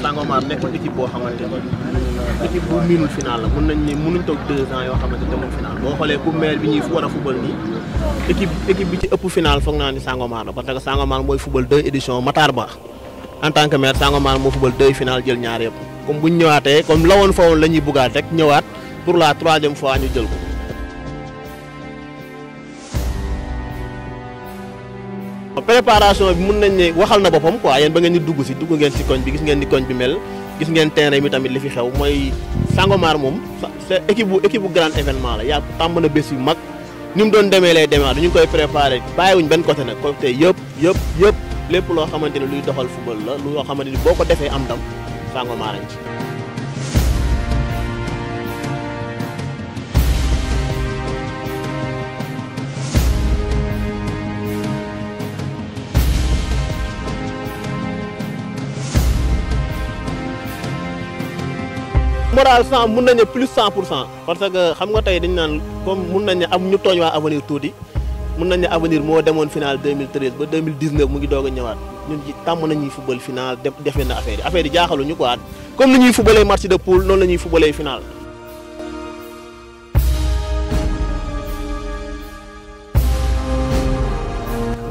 Sangomar nekkul équipe boo xamante ni équipe bu miinul final la mun nañ ni munuñ toog deux ans yoo xamante demul final boo xoolee pour maire bi ñuy war a fubal nii équipe équipe bi ëpp final foog naa ni Sangomar la parce que Sangomar mooy fubal deux éditions Matar Ba en tant que maire Sangomar moo fubal jël ñaar yëpp comme bu ñu ñëwaatee comme lawoon fa woon la ñuy rek ñëwaat pour la troisième fois jël préparation bi mun nañ ne waxal na boppam quoi ba ngeen di dugg si dugg ngeen si koñ bi gis ngeen ni koñ bi mel gis bi tamit li fi xew mooy Sangomar moom sa équipe bu équipe bu grand événement la yaa tàmm na bés yu mag ñu mu doon demee lay demee ñu koy préparé bàyyiwuñ benn côté nag côté yëpp yëpp yëpp lépp loo xamante ne luy doxal football la loo xamante ni boo ko defee am ndam Sangomar lañ ci moral cent mun nañu plus cent pour cent parce que xam nga tey dañu naan comme mun nañu am ñu tooñ waa avenir tuuti mun nañu avenir moo demoon final 2013 ba 2019 mu ngi doog a ñëwaat ñun ci tàmm nañuy football final def na affaire yi affaire yi jaaxaluñu quoi comme ni ñuy match de poule noonu la ñuy footballee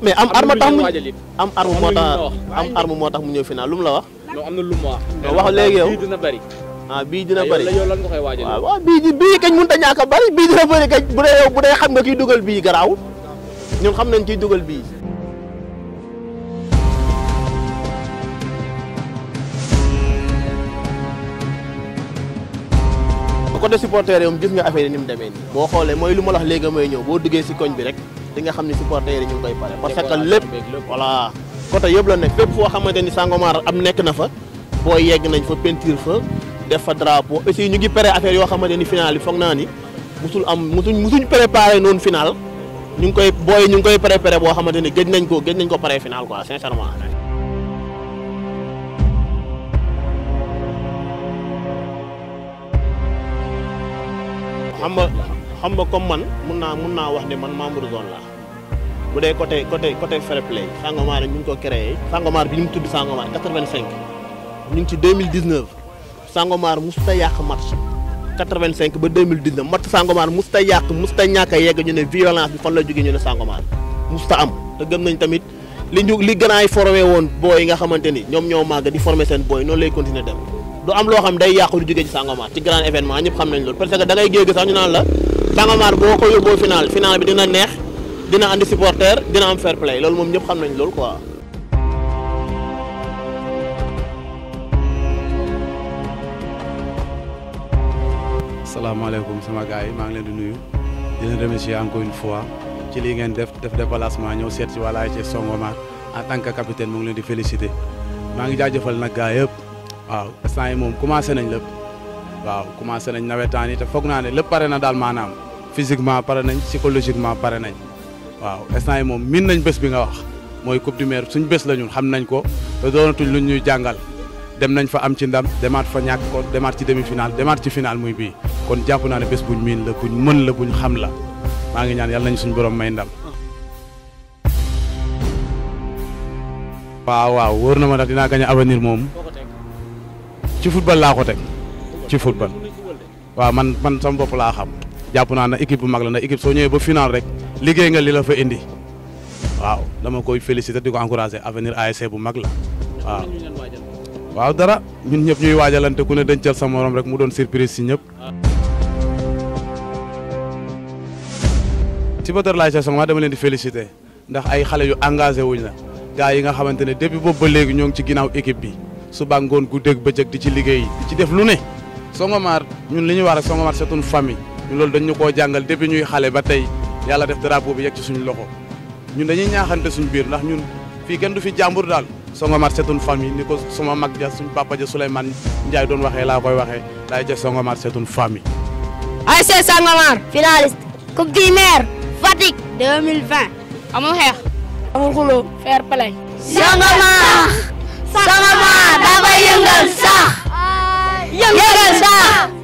mais am arme tax mu am arme moo tax am arme moo tax mu ñëw final lu mu la wax. non am na lu mu wax. wax léegi yow bii dina bari ah bii dina bëri yow lan nga koy waajal. waaw waaw bii bii kañ mënut a ñaaka a bëri bii dina bëri kañ bu dee xam nga kiy dugal bii garaawul xam nañ kiy dugal bii. côté supporter yi moom gis nga mu demee boo xoolee mooy lu ma la wax léegi mooy ñëw boo diggee si koñ bi rek. di nga xam ni supporters yi ñu ngi koy pare parce que lépp voilà côté yëpp la nekk fépp foo xamante ni Sangomar am nekk na fa boo yegg nañ fa peinture fa def fa drapeau aussi ñu ngi pare affaire yoo xamante ni final bi foog naa ni musul am musuñ musuñ préparé noonu final ñu ngi koy booy ñu ngi koy préparé boo xamante ni gëj nañ ko gëj nañ ko pare final quoi sincèrement xam nga xam nga comme man mun naa mun naa wax ne man membre zone la bu dee côté côté côté fair play Sangomar ñu ngi ko créé Sangomar bi ñu mu tudd Sangomar 85 ñu ngi ci 2019 Sangomar mosut a yàq match 85 ba 2019 match Sangomar mosut a yàq mosut a ñàkk a yegg ñu ne violence bi fan la jógee ñu ne Sangomar mosut a am te gëm nañ tamit li ñu li gën aay woon booy yi nga xamante ni ñoom ñoo màgg di formé seen booy noonu lay continuer dem. du am loo xam day yàqu du jógee ci Sangomar ci grand événement ñëpp xam nañ loolu parce que da ngay géeg naan la Sangomar boo ko yóbboo final final bi dina neex dina andi supporter dina am fair play loolu moom ñëpp xam nañ loolu quoi. salaamaaleykum sama gars yi maa ngi leen di nuyu di leen remercier encore ci lii ngeen def def déplacement ñëw seet si wàllu ASC Sangomar en tant que capitaine mu ngi leen di féliciter maa ngi jaajëfal nag gars yëpp. waaw instant yi moom commencé nañ lépp waaw commencé nañ nawetaan yi te foog naa ne lépp pare na daal maanaam physiquement pare nañ psychologiquement pare nañ waaw instant yi moom miin nañ bés bi nga wax mooy coupe du maire suñ bés la ñun xam nañ ko te doonatuñ luñ ñuy jàngal dem nañ fa am ci ndam demaat fa ñàkk ko demaat ci demi final demaat ci final muy bii kon jàpp naa ne bés buñ miin la buñ mën la xam la maa ñaan yàlla nañ suñu borom may ndam. waaw waaw ma ndax a ci football laa ko teg ci football waaw man man sama bopp laa xam jàpp naa na équipe bu mag la ndax équipe soo ñëwee ba final rek liggéey nga li la fa indi waaw dama koy féliciter di ko encourager avenir ASC bu mag la waaw. dara ñun ñëpp ñuy waajalante ku ne dencal sa morom rek mu doon surprise si ñëpp. si ba laay saison ma dama leen di féliciter ndax ay xale yu engagé wuñ la gars yi nga xamante ne depuis boobu léegi ñoo ngi ci ginaaw équipe bi. suba ngoon guddeeg bëccëg di ci liggéey di ci def lu ne Sangomar ñun li ñu war a Sangomar c'est une famille ñun loolu dañ ñu koo jàngal depuis ñuy xale ba tey yàlla def drapeau bi yegg ci suñu loxo ñun dañuy ñaaxante suñu biir ndax ñun fii kenn du fi jàmbur daal Sangomar c'est une famille ni ko sama mag ja suñ papa ja Souleymane doon waxee laa koy waxee daay ja Sangomar c'est une famille ASC Sangomar finaliste coupe du maire Fatick 2020 amul xeex amul xuloo fair play sama maa da koy yëngal sax yëngal sax